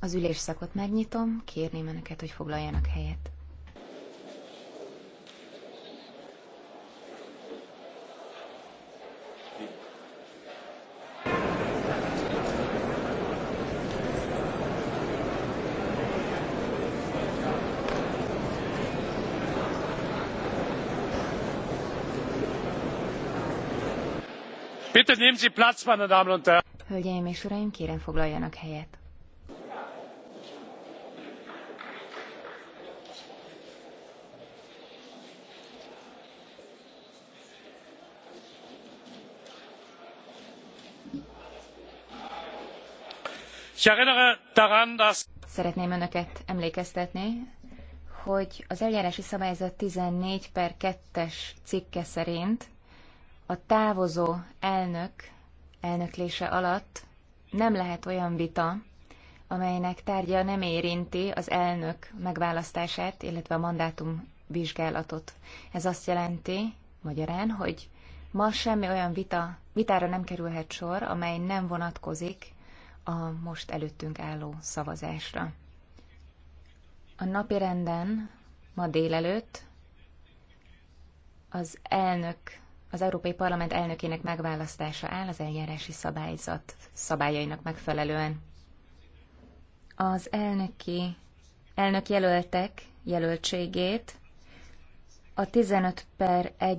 Az ülésszakot megnyitom, kérném Önöket, hogy foglaljanak helyet. Hölgyeim és uraim, kérem foglaljanak helyet. Szeretném Önöket emlékeztetni, hogy az eljárási szabályzat 14 per 2-es cikke szerint a távozó elnök elnöklése alatt nem lehet olyan vita, amelynek tárgya nem érinti az elnök megválasztását, illetve a mandátum vizsgálatot. Ez azt jelenti, magyarán, hogy ma semmi olyan vita, vitára nem kerülhet sor, amely nem vonatkozik a most előttünk álló szavazásra. A napi renden ma délelőtt az elnök az Európai Parlament elnökének megválasztása áll az eljárási szabályzat szabályainak megfelelően. Az elnöki, elnök jelöltek jelöltségét a 15 per 1